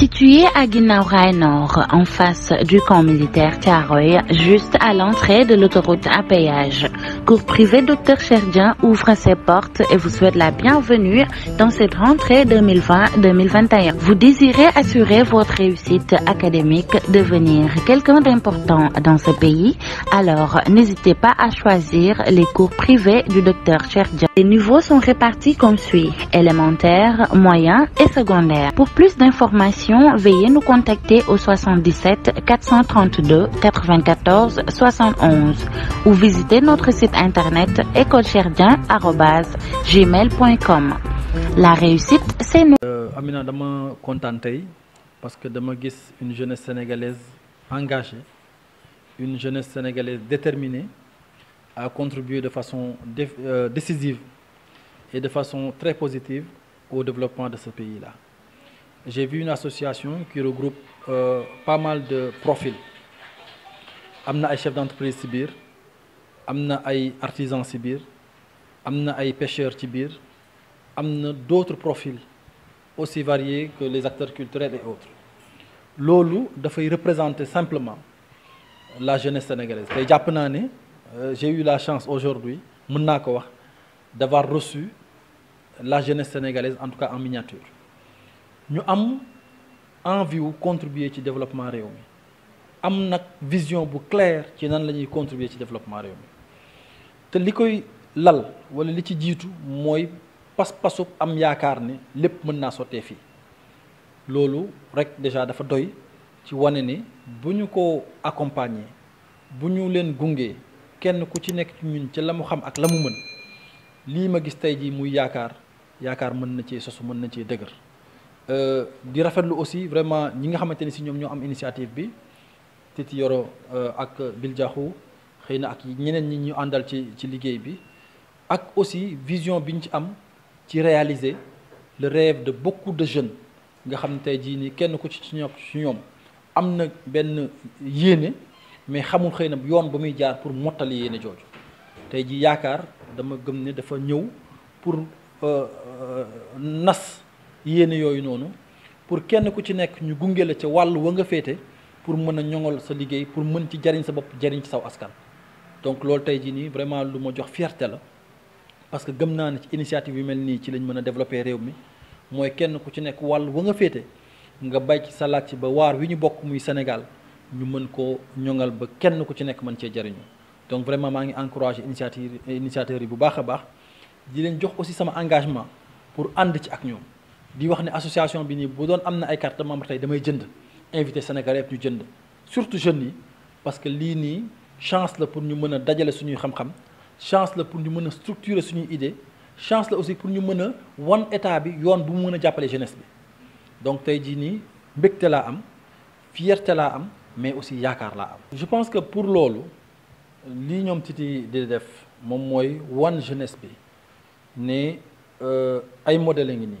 Situé à et Nord, en face du camp militaire Tiaroy, juste à l'entrée de l'autoroute à péage, cours privé Dr Cherdien ouvre ses portes et vous souhaite la bienvenue dans cette rentrée 2020-2021. Vous désirez assurer votre réussite académique, devenir quelqu'un d'important dans ce pays, alors n'hésitez pas à choisir les cours privés du Dr Cherdien. Les niveaux sont répartis comme suit, élémentaire, moyen et secondaire. Pour plus d'informations, veuillez nous contacter au 77 432 94 71 ou visiter notre site internet écolecherdien.gmail.com. La réussite, c'est nous. Euh, Amina, je suis contente parce que je vois une jeunesse sénégalaise engagée, une jeunesse sénégalaise déterminée à contribuer de façon euh, décisive et de façon très positive au développement de ce pays-là j'ai vu une association qui regroupe euh, pas mal de profils Amna ay chef d'entreprise sibir, Amna artisans sibir, des pêcheurs d'autres profils aussi variés que les acteurs culturels et autres Lolo doit représenter simplement la jeunesse sénégalaise Et euh, j'ai eu la chance aujourd'hui d'avoir reçu la jeunesse sénégalaise en tout cas en miniature ñu am envie wu contribuer ci développement réew mi am nag vision bu claire ci nan la ñuy contribuer ci développement réew mi te li koy lal wala li ci jiitu mooy pas-pasu am yaakaar ne lépp mën naa sottee fii loolu rek déjà dafa doy ci wane ni bu ñu ko accompagner bu ñu leen gungee kenn ku ci nekk ci ñun ci la mu xam ak la mu mën lii ma gis tey jii muy yaakaar yaakaar mën na cee sosu mën na cee dëgër Euh, di rafetlu aussi vraiment ñi nga xamanteni ci ñom ñoo am initiative bi Titi Yoro euh, ak Bil xeyna ak ñeneen ñi ñu andal ci ci liguey bi ak aussi vision biñ ci am ci réaliser le rêve de beaucoup de jeunes nga xam ne tey jii kenn ku ci ci ñoom am na ben yene mais xamul xeyna yoon bu muy jaar pour mottali yene jojo tay ji yaakar dama gëm ne dafa ñew pour euh, nas yéene yooyu noonu pour kenn ku ci nekk ñu gunge la ca wàll wa nga féete pour mën a ñoŋal sa liggéey pour mën ci jariñ sa bopp jariñ ci saw askan donc loolu tey jii nii vraiment lu ma jox fierté la parce que gëm naa ne ci initiative yu mel nii ci lañ mën a développer réew mi mooy kenn ku ci nekk wàll wa nga féete nga bay ci salaat ci ba waar wi ñu bokk muy Sénégal ñu mën koo ñoŋal ba kenn ku ci nekk mën cee jariñu donc vraiment maa ngi encourager initiative initiateurs yi bu baax a baax di leen jox aussi sama engagement pour ànd ci ak ñoom di wax ni association bi ni bu doon am na ay carte membre tey damay jënd invité sénégalais ñu jënd surtout jeunes yi parce que lii nii chance la pour ñu mën a dajale suñuy xam-xam chance la pour ñu mën a structurer suñuy idée chance la aussi pour ñu mën a wan état bi yoon bu mu mën a jàppale jeunesse bi donc tey jii nii mbégte laa am fierté laa am mais aussi yaakaar laa am je pense que pour loolu lii ñoom Titi di def moom mooy wan jeunesse bi ne euh, ay modèle ngi nii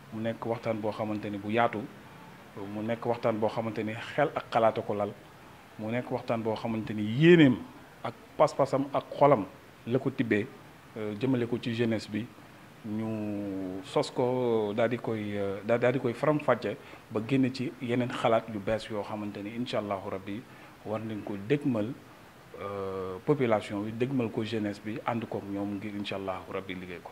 mu nekk waxtaan boo xamante ni bu yaatu mu nekk waxtaan boo xamante ni xel ak xalaata ko lal mu nekk waxtaan boo xamante ni yéeneem ak pas-pasam ak xolam la ko tibbee euh, jëmale ko ci jeunesse bi ñu sos ko daal di koy euh, daal di koy faram-fàcce ba génn ci yeneen xalaat yu bees yoo xamante ni incha allahu rabbi war nañ ko dégmal euh, population bi dégmal ko jeunesse bi ànd kook ñoom ngir incha allahu rabbi liggéey ko.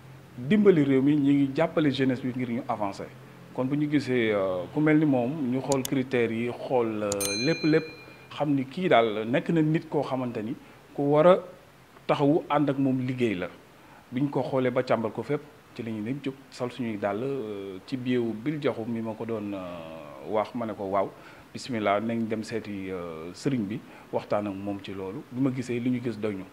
dimbali réew mi ñi ngi jàppale jeunesse bi ngir ñu avancer kon bu ñu gisee euh, ku mel ni moom ñu xool critères yi xool euh, lépp lépp xam ni kii daal nekk na nit koo xamante ni ku war a taxawu ànd ak moom liggéey la bi ko xoolee ba càmbar ko fépp ci la ñuy dem jóg sol suñuy dàll euh, ci biewu bil joxu mi ma ko doon wax ma ne ko waaw bismillah nañ dem seeti sëriñ bi waxtaan ak moom ci loolu bi ma gisee li ñu gis doy ñu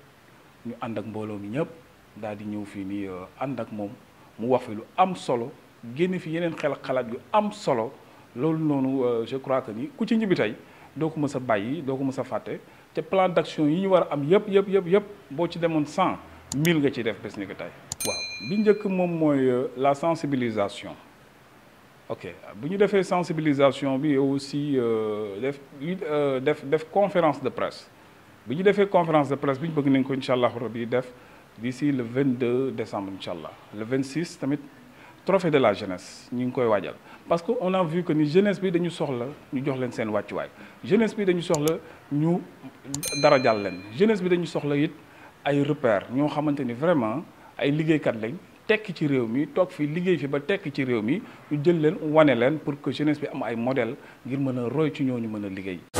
ñu ànd ak mbooloo mi ñëpp da di ñëw fi ni and euh, ak mom mu wax fi lu am solo genn fi yeneen xel xalaat yu am solo loolu noonu euh, je crois que ni ku ci ñibbi tey doo ko mës a bàyyi doo ko mës a fàtte te plan d'action yi ñu war a am yëpp yëpp yëpp yëpp boo ci demoon cent mille nga ci def bés ni ko tey. waaw bi njëkk moom mooy euh, la sensibilisation ok bu ñu defee sensibilisation bi aussi def def def conférence de presse bi ñu defee conférence de presse bi ñu bëgg nañ ko incha allahu rabi def d'ici le 22 décembre le 26 le trophée de la jeunesse parce qu'on a vu que la jeunesse bi dañu soxla ñu jox jeunesse bi dañu soxla ñu dara jeunesse bi dañu soxla it ay vraiment ay kat lañ tek ci réew mi tok fi liguey fi ba ci mi ñu jël leen pour que jeunesse bi am ay modèle ngir roy ci